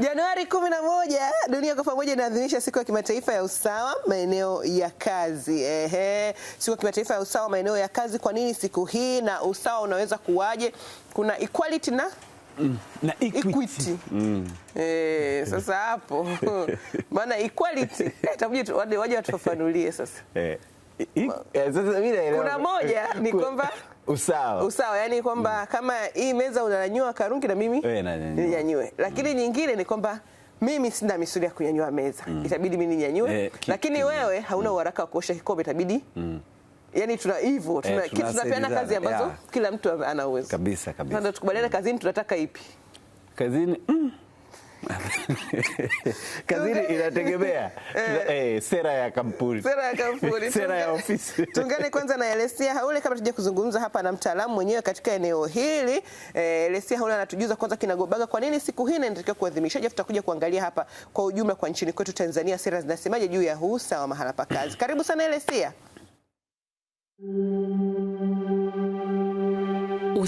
Januari 11 dunia kwa pamoja inaadhimisha siku ya kimataifa ya usawa maeneo ya kazi. Ehe, siku ya kimataifa ya usawa maeneo ya kazi. Kwa nini siku hii na usawa unaweza kuwaje? Kuna equality na mm, na equity. Equity. Mm. Eh, sasa hapo maana equality eh, tu waje watufafanulie sasa. Eh, eh, sasa mimi naelewa. Kuna moja ni kwamba usawa usawa, yani kwamba mm. kama hii meza unanyanyua karungi na mimi eh, ninyanyue, lakini mm. nyingine ni kwamba mimi sina misuli ya kunyanyua meza mm. itabidi mimi ninyanyue eh, lakini wewe hauna mm. uharaka wa kuosha kikombe itabidi mm. Yani tuna hivyo eh, tuna eh, tunapeana kazi ambazo yeah. kila mtu ana uwezo kabisa kabisa. Sasa tukubaliane mm. kazini tunataka ipi kazini mm. kazini inategemea eh. eh, sera ya kampuni, sera ya kampuni, sera ya ofisi. Tungane kwanza na Elesia Haule kabla tuja kuzungumza hapa na mtaalamu mwenyewe katika eneo hili. Eh, Elesia Haule anatujuza kwanza kinagobaga kwa nini siku hii inatakiwa kuadhimisha, je, tutakuja kuangalia hapa kwa ujumla kwa nchini kwetu Tanzania sera zinasemaje juu ya huu wa mahala pa kazi. Karibu sana Elesia.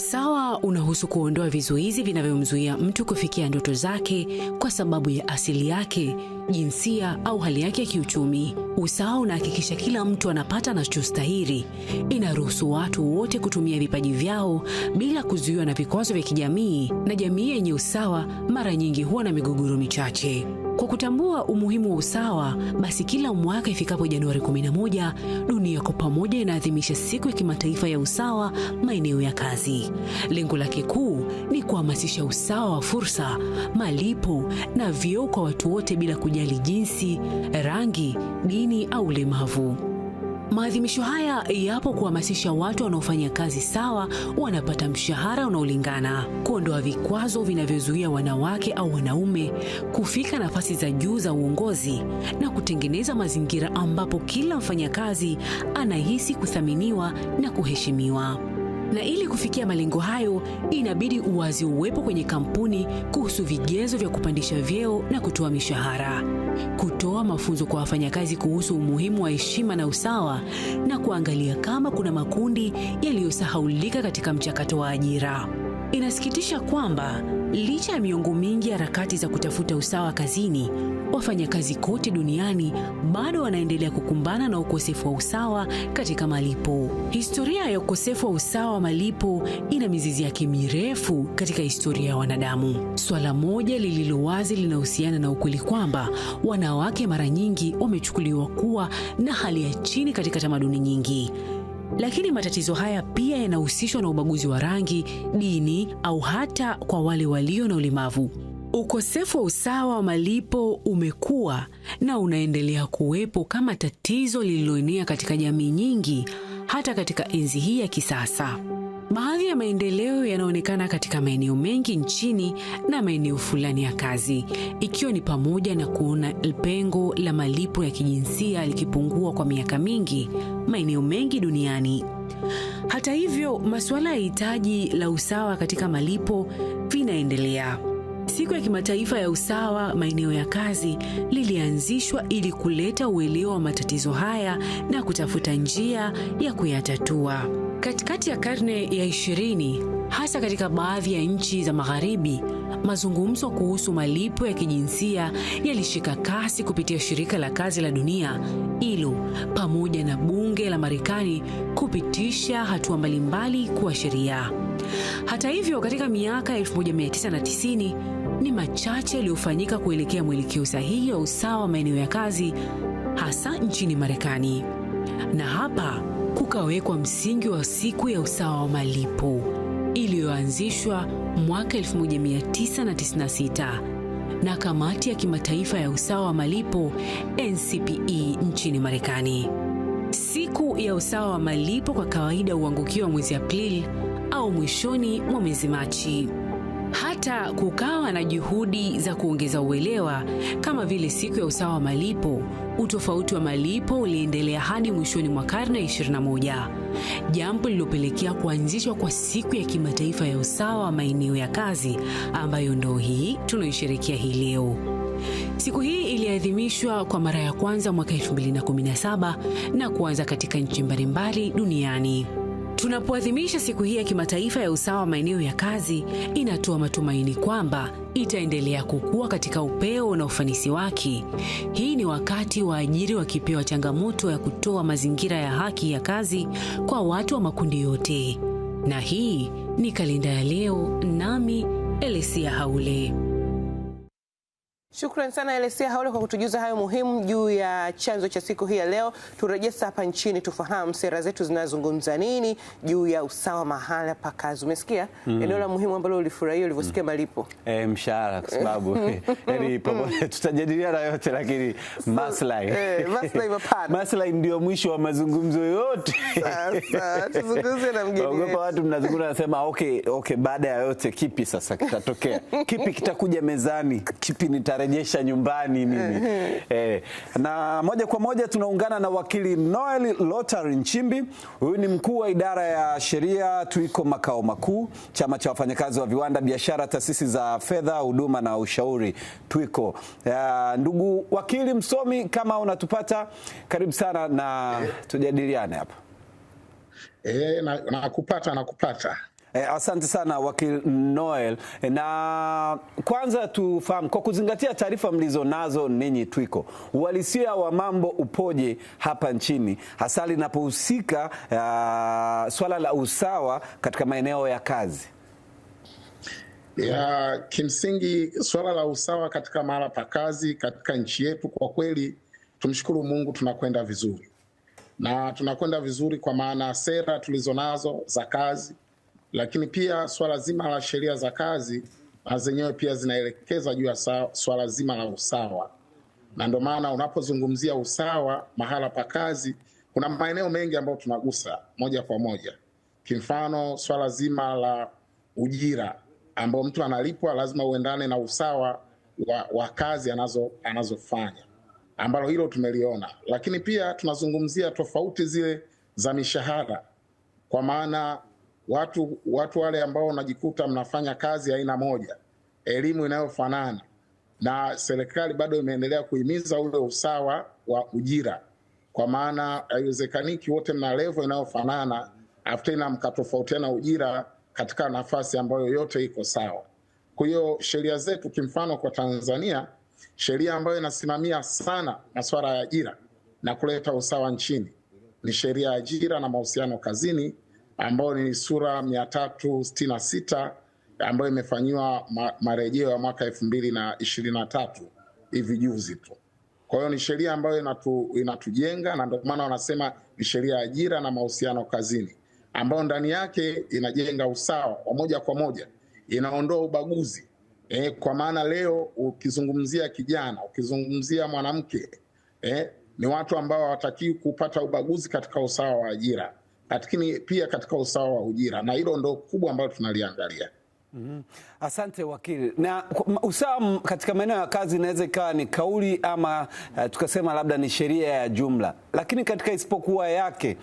Usawa unahusu kuondoa vizuizi vinavyomzuia mtu kufikia ndoto zake kwa sababu ya asili yake, jinsia au hali yake ya kiuchumi. Usawa unahakikisha kila mtu anapata anachostahili. Inaruhusu watu wote kutumia vipaji vyao bila kuzuiwa na vikwazo vya kijamii, na jamii yenye usawa mara nyingi huwa na migogoro michache. Kwa kutambua umuhimu wa usawa, basi kila mwaka ifikapo Januari 11 dunia kwa pamoja inaadhimisha siku ya kimataifa ya usawa maeneo ya kazi. Lengo lake kuu ni kuhamasisha usawa wa fursa, malipo na vyeo kwa watu wote bila kujali jinsi, rangi, dini au ulemavu. Maadhimisho haya yapo kuhamasisha watu wanaofanya kazi sawa wanapata mshahara unaolingana, kuondoa vikwazo vinavyozuia wanawake au wanaume kufika nafasi za juu za uongozi na kutengeneza mazingira ambapo kila mfanyakazi anahisi kuthaminiwa na kuheshimiwa na ili kufikia malengo hayo inabidi uwazi uwepo kwenye kampuni kuhusu vigezo vya kupandisha vyeo na kutoa mishahara, kutoa mafunzo kwa wafanyakazi kuhusu umuhimu wa heshima na usawa, na kuangalia kama kuna makundi yaliyosahaulika katika mchakato wa ajira. Inasikitisha kwamba licha ya miongo mingi harakati za kutafuta usawa kazini, wafanyakazi kote duniani bado wanaendelea kukumbana na ukosefu wa usawa katika malipo. Historia ya ukosefu wa usawa wa malipo ina mizizi yake mirefu katika historia ya wanadamu. Swala moja lililo wazi linahusiana na ukweli kwamba wanawake mara nyingi wamechukuliwa kuwa na hali ya chini katika tamaduni nyingi. Lakini matatizo haya pia yanahusishwa na ubaguzi wa rangi, dini au hata kwa wale walio na ulemavu. Ukosefu wa usawa wa malipo umekuwa na unaendelea kuwepo kama tatizo lililoenea katika jamii nyingi hata katika enzi hii ya kisasa. Baadhi ya maendeleo yanaonekana katika maeneo mengi nchini na maeneo fulani ya kazi, ikiwa ni pamoja na kuona pengo la malipo ya kijinsia likipungua kwa miaka mingi maeneo mengi duniani. Hata hivyo, masuala ya hitaji la usawa katika malipo vinaendelea. Siku ya kimataifa ya usawa maeneo ya kazi lilianzishwa ili kuleta uelewa wa matatizo haya na kutafuta njia ya kuyatatua. Katikati ya karne ya ishirini, hasa katika baadhi ya nchi za magharibi, mazungumzo kuhusu malipo ya kijinsia yalishika kasi kupitia shirika la kazi la dunia ILO pamoja na bunge la Marekani kupitisha hatua mbalimbali kuwa sheria. Hata hivyo, katika miaka 1990 ni machache yaliyofanyika kuelekea mwelekeo sahihi wa usawa wa maeneo ya kazi hasa nchini Marekani. Na hapa kukawekwa msingi wa siku ya usawa wa malipo iliyoanzishwa mwaka 1996 na kamati ya kimataifa ya usawa wa malipo NCPE nchini Marekani. Siku ya usawa wa malipo kwa kawaida huangukiwa mwezi Aprili au mwishoni mwa mwezi Machi. Hata kukawa na juhudi za kuongeza uelewa kama vile siku ya usawa wa malipo. Utofauti wa malipo uliendelea hadi mwishoni mwa karne ya 21, jambo lililopelekea kuanzishwa kwa siku ya kimataifa ya usawa wa maeneo ya kazi ambayo ndoo hii tunaoisherekea hii leo. Siku hii iliadhimishwa kwa mara ya kwanza mwaka 2017 na kuanza katika nchi mbalimbali duniani. Tunapoadhimisha siku hii ya kimataifa ya usawa wa maeneo ya kazi, inatoa matumaini kwamba itaendelea kukua katika upeo na ufanisi wake. Hii ni wakati waajiri wakipewa changamoto ya kutoa mazingira ya haki ya kazi kwa watu wa makundi yote. Na hii ni kalenda ya leo, nami Elesia Haule. Shukrani sana Elesia Haule kwa kutujuza hayo muhimu juu ya chanzo cha siku hii ya leo. Turejee sasa hapa nchini tufahamu sera zetu zinazungumza nini juu ya usawa mahala pa kazi. Umesikia mm. eneo la muhimu ambalo ulifurahia ulivyosikia mm. malipo e, mshahara kwa sababu yani pamoja tutajadiliana yote, lakini eh, maslahi e, maslahi mapana, maslahi ndio mwisho wa mazungumzo yote. Sasa tuzungumze na mgeni wetu. Watu mnazungumza nasema okay, okay, baada ya yote kipi sasa kitatokea? Kipi kitakuja mezani? Kipi nita nitawarejesha nyumbani mimi. Eh, na moja kwa moja tunaungana na wakili Noel Lotar Nchimbi. Huyu ni mkuu wa idara ya sheria tuiko makao makuu, chama cha wafanyakazi wa viwanda, biashara, taasisi za fedha, huduma na ushauri tuiko Uh, ndugu wakili msomi, kama unatupata, karibu sana na tujadiliane hapa. Eh, nakupata na nakupata Eh, asante sana wakil Noel, eh, na kwanza tufahamu kwa kuzingatia taarifa mlizonazo ninyi Twiko, uhalisia wa mambo upoje hapa nchini hasa linapohusika uh, swala la usawa katika maeneo ya kazi? Ya, kimsingi swala la usawa katika mahala pa kazi katika nchi yetu kwa kweli tumshukuru Mungu tunakwenda vizuri, na tunakwenda vizuri kwa maana sera tulizonazo za kazi lakini pia swala zima la sheria za kazi na zenyewe pia zinaelekeza juu ya swala zima la usawa, na ndio maana unapozungumzia usawa mahala pa kazi kuna maeneo mengi ambayo tunagusa moja kwa moja. Kimfano, swala zima la ujira ambao mtu analipwa lazima uendane na usawa wa, wa kazi anazo anazofanya, ambalo hilo tumeliona, lakini pia tunazungumzia tofauti zile za mishahara kwa maana watu, watu wale ambao unajikuta mnafanya kazi aina moja, elimu inayofanana na serikali bado imeendelea kuhimiza ule usawa wa ujira, kwa maana haiwezekaniki wote mna levo inayofanana afu tena mkatofautiana ujira katika nafasi ambayo yote iko sawa. Kwa hiyo sheria zetu kimfano, kwa Tanzania sheria ambayo inasimamia sana masuala ya ajira na kuleta usawa nchini ni sheria ya ajira na mahusiano kazini ambayo ni sura mia tatu sitini na sita ambayo imefanyiwa marejeo ya mwaka elfu mbili na ishirini na tatu hivi juzi tu. Kwa hiyo ni sheria ambayo inatu, inatujenga na ndio maana wanasema ni sheria ya ajira na mahusiano kazini ambayo ndani yake inajenga usawa wa moja kwa moja, inaondoa ubaguzi e, kwa maana leo ukizungumzia kijana, ukizungumzia mwanamke e, ni watu ambao hawatakiwi kupata ubaguzi katika usawa wa ajira lakini pia katika usawa wa ujira, na hilo ndo kubwa ambalo tunaliangalia. Mm -hmm. Asante wakili. Na usawa katika maeneo ya kazi inaweza ikawa ni kauli ama uh, tukasema labda ni sheria ya jumla, lakini katika isipokuwa yake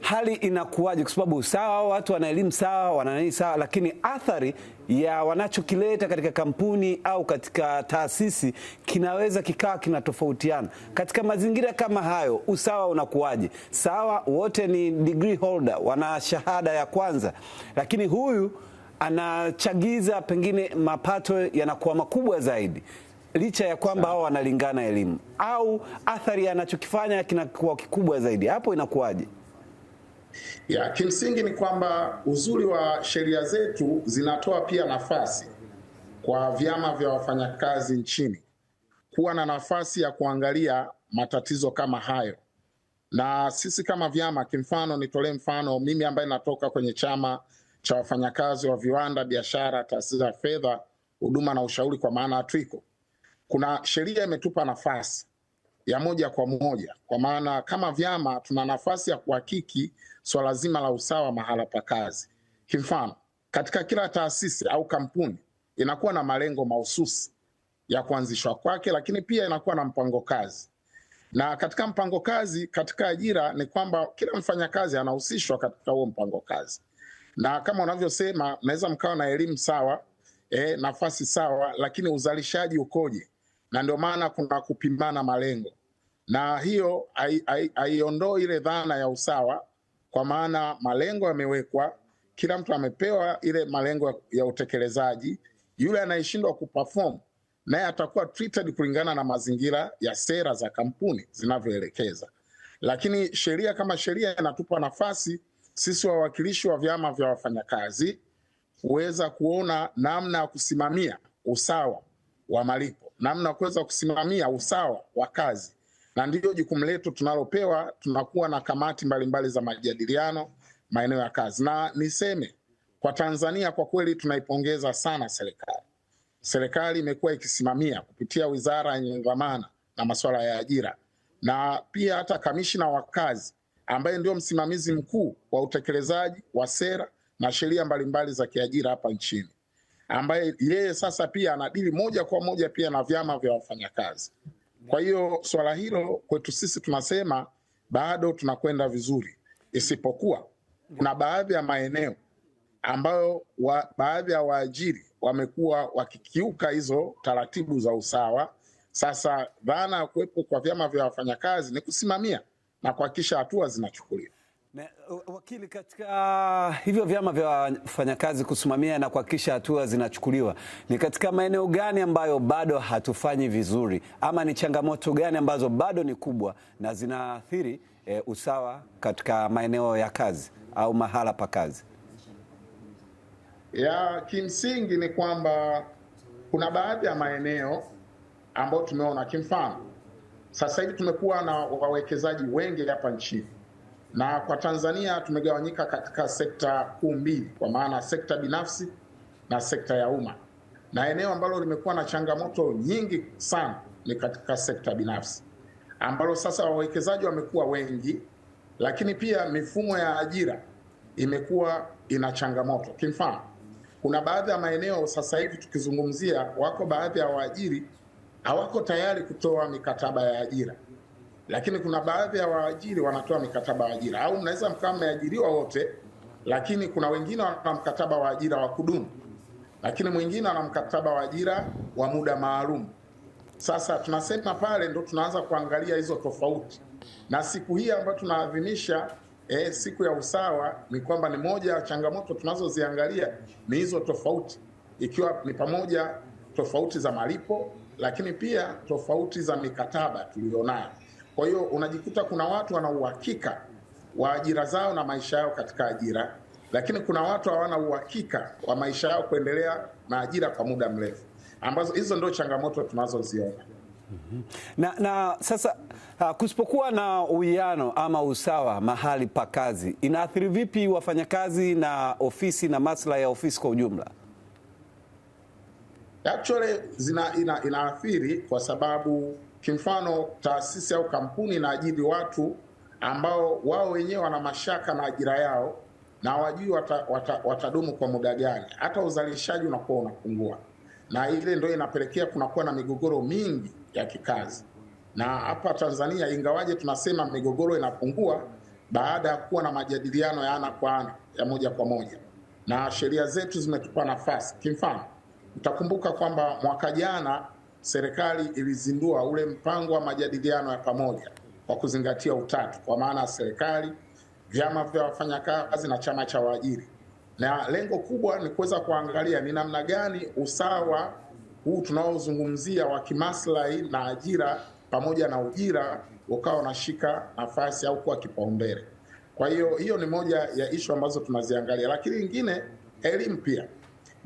hali inakuwaje? Kwa sababu sawa, watu wana elimu sawa, wana nini sawa, lakini athari ya wanachokileta katika kampuni au katika taasisi kinaweza kikawa kinatofautiana. Katika mazingira kama hayo, usawa unakuwaje? Sawa, wote ni degree holder, wana shahada ya kwanza, lakini huyu anachagiza pengine mapato yanakuwa makubwa zaidi licha ya kwamba hao wanalingana elimu au athari anachokifanya kinakuwa kikubwa zaidi, hapo inakuwaje? Ya kimsingi ni kwamba uzuri wa sheria zetu zinatoa pia nafasi kwa vyama vya wafanyakazi nchini kuwa na nafasi ya kuangalia matatizo kama hayo, na sisi kama vyama, kimfano, nitolee mfano mimi ambaye natoka kwenye chama cha wafanyakazi wa viwanda, biashara, taasisi za fedha, huduma na ushauri, kwa maana ya TWICO, kuna sheria imetupa nafasi ya moja kwa moja, kwa maana kama vyama tuna nafasi ya kuhakiki swala so zima la usawa mahala pa kazi. Kimfano, katika kila taasisi au kampuni inakuwa na malengo mahususi ya kuanzishwa kwake, lakini pia inakuwa na mpango kazi na katika mpango kazi katika ajira ni kwamba kila mfanyakazi anahusishwa katika huo mpango kazi na kama unavyosema mnaweza mkawa na elimu sawa e, nafasi sawa, lakini uzalishaji ukoje? Na ndio maana kuna kupimana malengo, na hiyo haiondoi ile dhana ya usawa, kwa maana malengo yamewekwa, kila mtu amepewa ile malengo ya utekelezaji. Yule anayeshindwa kuperform naye atakuwa treated kulingana na mazingira ya sera za kampuni zinavyoelekeza, lakini sheria kama sheria inatupa nafasi sisi wawakilishi wa vyama vya wafanyakazi huweza kuona namna ya kusimamia usawa wa malipo, namna ya kuweza kusimamia usawa wa kazi, na ndiyo jukumu letu tunalopewa. Tunakuwa na kamati mbalimbali mbali za majadiliano maeneo ya kazi, na niseme kwa Tanzania kwa kweli tunaipongeza sana serikali. Serikali imekuwa ikisimamia kupitia wizara yenye dhamana na masuala ya ajira na pia hata kamishina wa kazi ambaye ndio msimamizi mkuu wa utekelezaji wa sera na sheria mbalimbali za kiajira hapa nchini, ambaye yeye sasa pia anadili moja kwa moja pia na vyama vya wafanyakazi. Kwa hiyo swala hilo kwetu sisi tunasema bado tunakwenda vizuri, isipokuwa kuna baadhi ya maeneo ambayo wa, baadhi ya waajiri wamekuwa wakikiuka hizo taratibu za usawa. Sasa dhana ya kuwepo kwa vyama vya wafanyakazi ni kusimamia na kuhakikisha hatua zinachukuliwa. Uh, wakili, katika uh, hivyo vyama vya wafanyakazi kusimamia na kuhakikisha hatua zinachukuliwa, ni katika maeneo gani ambayo bado hatufanyi vizuri ama ni changamoto gani ambazo bado ni kubwa na zinaathiri e, usawa katika maeneo ya kazi au mahala pa kazi? Ya kimsingi ni kwamba kuna baadhi ya maeneo ambayo tumeona kimfano sasa hivi tumekuwa na wawekezaji wengi hapa nchini, na kwa Tanzania tumegawanyika katika sekta kuu mbili, kwa maana sekta binafsi na sekta ya umma, na eneo ambalo limekuwa na changamoto nyingi sana ni katika sekta binafsi, ambalo sasa wawekezaji wamekuwa wengi, lakini pia mifumo ya ajira imekuwa ina changamoto. Kimfano, kuna baadhi ya maeneo sasa hivi tukizungumzia, wako baadhi ya waajiri hawako tayari kutoa mikataba ya ajira, lakini kuna baadhi ya waajiri wanatoa mikataba ya ajira, au mnaweza mkawa mmeajiriwa wote, lakini kuna wengine wana mkataba wa ajira wa kudumu, lakini mwingine ana mkataba wa ajira wa muda maalum. Sasa tunasema pale ndo tunaanza kuangalia hizo tofauti, na siku hii ambayo tunaadhimisha eh, siku ya usawa ni kwamba ni moja ya changamoto tunazoziangalia ni hizo tofauti, ikiwa ni pamoja tofauti za malipo lakini pia tofauti za mikataba tuliyonayo. Kwa hiyo unajikuta kuna watu wana uhakika wa ajira zao na maisha yao katika ajira, lakini kuna watu hawana uhakika wa maisha yao kuendelea na ajira kwa muda mrefu, ambazo hizo ndio changamoto tunazoziona. Mm-hmm. Na, na sasa ah, kusipokuwa na uwiano ama usawa mahali pa kazi, inaathiri vipi wafanyakazi na ofisi na maslahi ya ofisi kwa ujumla? Actually zina, ina, inaathiri kwa sababu kimfano taasisi au kampuni inaajiri watu ambao wao wenyewe wana mashaka na ajira yao na wajui watadumu wata, wata kwa muda gani, hata uzalishaji unakuwa unapungua, na ile ndio inapelekea kunakuwa na migogoro mingi ya kikazi. Na hapa Tanzania, ingawaje tunasema migogoro inapungua baada ya kuwa na majadiliano ya ana kwa ana ya moja kwa moja, na sheria zetu zimetupa nafasi kimfano Mtakumbuka kwamba mwaka jana serikali ilizindua ule mpango wa majadiliano ya pamoja kwa kuzingatia utatu, kwa maana ya serikali, vyama vya wafanyakazi na chama cha waajiri, na lengo kubwa ni kuweza kuangalia ni namna gani usawa huu tunaozungumzia wa kimaslahi na ajira pamoja na ujira ukawa unashika nafasi au kuwa kipaumbele. Kwa hiyo hiyo ni moja ya ishu ambazo tunaziangalia, lakini nyingine elimu pia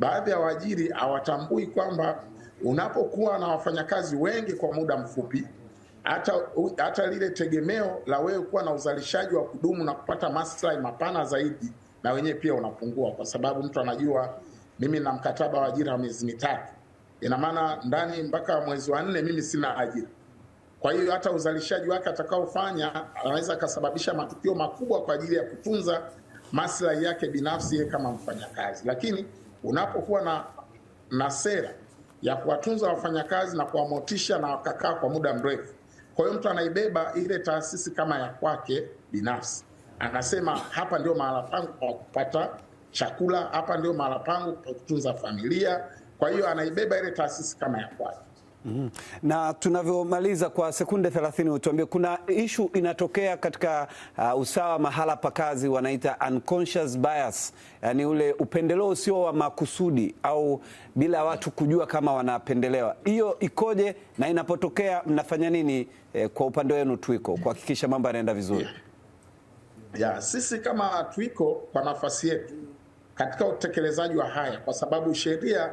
baadhi ya waajiri hawatambui kwamba unapokuwa na wafanyakazi wengi kwa muda mfupi, hata hata lile tegemeo la wewe kuwa na uzalishaji wa kudumu na kupata maslahi mapana zaidi na wenyewe pia unapungua, kwa sababu mtu anajua mimi na mkataba wa ajira wa miezi mitatu, ina maana ndani mpaka mwezi wa nne mimi sina ajira. Kwa hiyo hata uzalishaji wake atakaofanya anaweza akasababisha matukio makubwa kwa ajili ya kutunza maslahi yake binafsi ye kama mfanyakazi, lakini unapokuwa na, na sera ya kuwatunza wafanyakazi na kuwamotisha na wakakaa kwa muda mrefu. Kwa hiyo mtu anaibeba ile taasisi kama ya kwake binafsi, anasema hapa ndio mahala pangu kwa kupata chakula, hapa ndio mahala pangu kwa kutunza familia. Kwa hiyo anaibeba ile taasisi kama ya kwake. Mm -hmm. Na tunavyomaliza kwa sekunde 30 utuambie kuna ishu inatokea katika uh, usawa mahala pa kazi wanaita unconscious bias, yani ule upendeleo usio wa makusudi au bila watu kujua kama wanapendelewa. Hiyo ikoje na inapotokea mnafanya nini eh, kwa upande wenu Twiko kuhakikisha mambo yanaenda vizuri? Yeah. Yeah, sisi kama Twiko kwa nafasi yetu katika utekelezaji wa haya kwa sababu sheria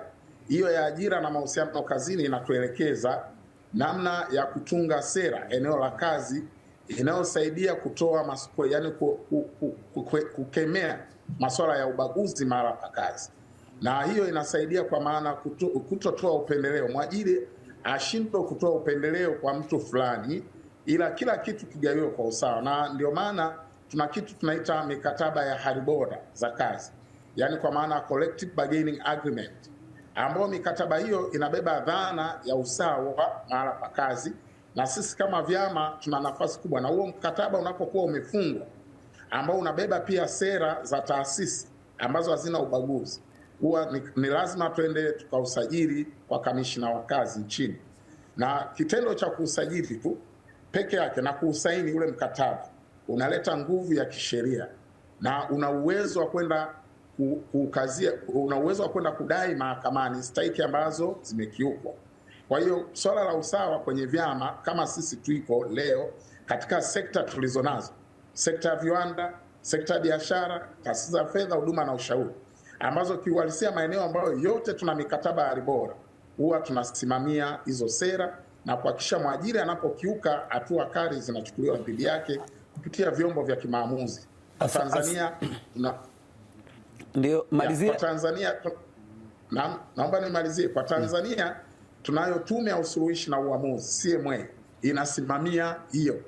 hiyo ya ajira na mahusiano kazini inatuelekeza namna ya kutunga sera eneo la kazi inayosaidia kutoa masuko, yani ku, ku, ku, ku, ku, kukemea masuala ya ubaguzi mara pa kazi, na hiyo inasaidia kwa maana kutotoa upendeleo. Mwajiri ashindwe kutoa upendeleo kwa mtu fulani, ila kila kitu kigawiwe kwa usawa, na ndio maana tuna kitu tunaita mikataba ya hali bora za kazi, yani kwa maana collective bargaining agreement ambao mikataba hiyo inabeba dhana ya usawa mahala pa kazi, na sisi kama vyama tuna nafasi kubwa, na huo mkataba unapokuwa umefungwa, ambao unabeba pia sera za taasisi ambazo hazina ubaguzi, huwa ni, ni lazima twende tukausajili kwa kamishina wa kazi nchini, na kitendo cha kuusajili tu peke yake na kuusaini ule mkataba unaleta nguvu ya kisheria na una uwezo wa kwenda kukazia, una uwezo wa kwenda kudai mahakamani stahiki ambazo zimekiukwa. Kwa hiyo swala la usawa kwenye vyama, kama sisi tuiko leo katika sekta tulizo nazo, sekta ya viwanda, sekta ya biashara, taasisi za fedha, huduma na ushauri, ambazo kiuhalisia maeneo ambayo yote tuna mikataba ya bora, huwa tunasimamia hizo sera na kuhakikisha mwajiri anapokiuka hatua kali zinachukuliwa dhidi yake kupitia vyombo vya kimaamuzi. Tanzania tuna ndio malizia kwa Tanzania na, naomba nimalizie kwa Tanzania hmm. Tunayo tume ya usuluhishi na uamuzi CMA inasimamia hiyo,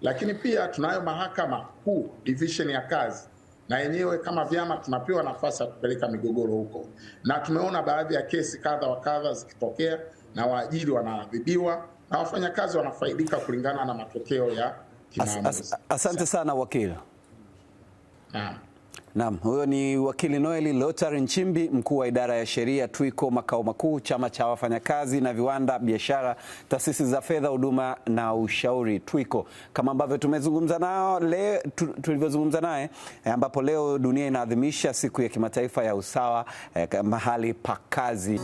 lakini pia tunayo mahakama kuu division ya kazi na yenyewe kama vyama tunapewa nafasi ya kupeleka migogoro huko, na tumeona baadhi ya kesi kadha wa kadha zikitokea, na waajiri wanaadhibiwa na wafanyakazi wanafaidika kulingana na matokeo ya kimaamuzi. As, as, asante sana wakili. Naam. Naam, huyo ni wakili Noel Lotari Nchimbi, mkuu wa idara ya sheria TWICO makao makuu, chama cha wafanyakazi na viwanda, biashara, taasisi za fedha, huduma na ushauri TWICO, kama ambavyo tumezungumza nao leo, tulivyozungumza naye eh, ambapo leo dunia inaadhimisha siku ya kimataifa ya usawa eh, mahali pa kazi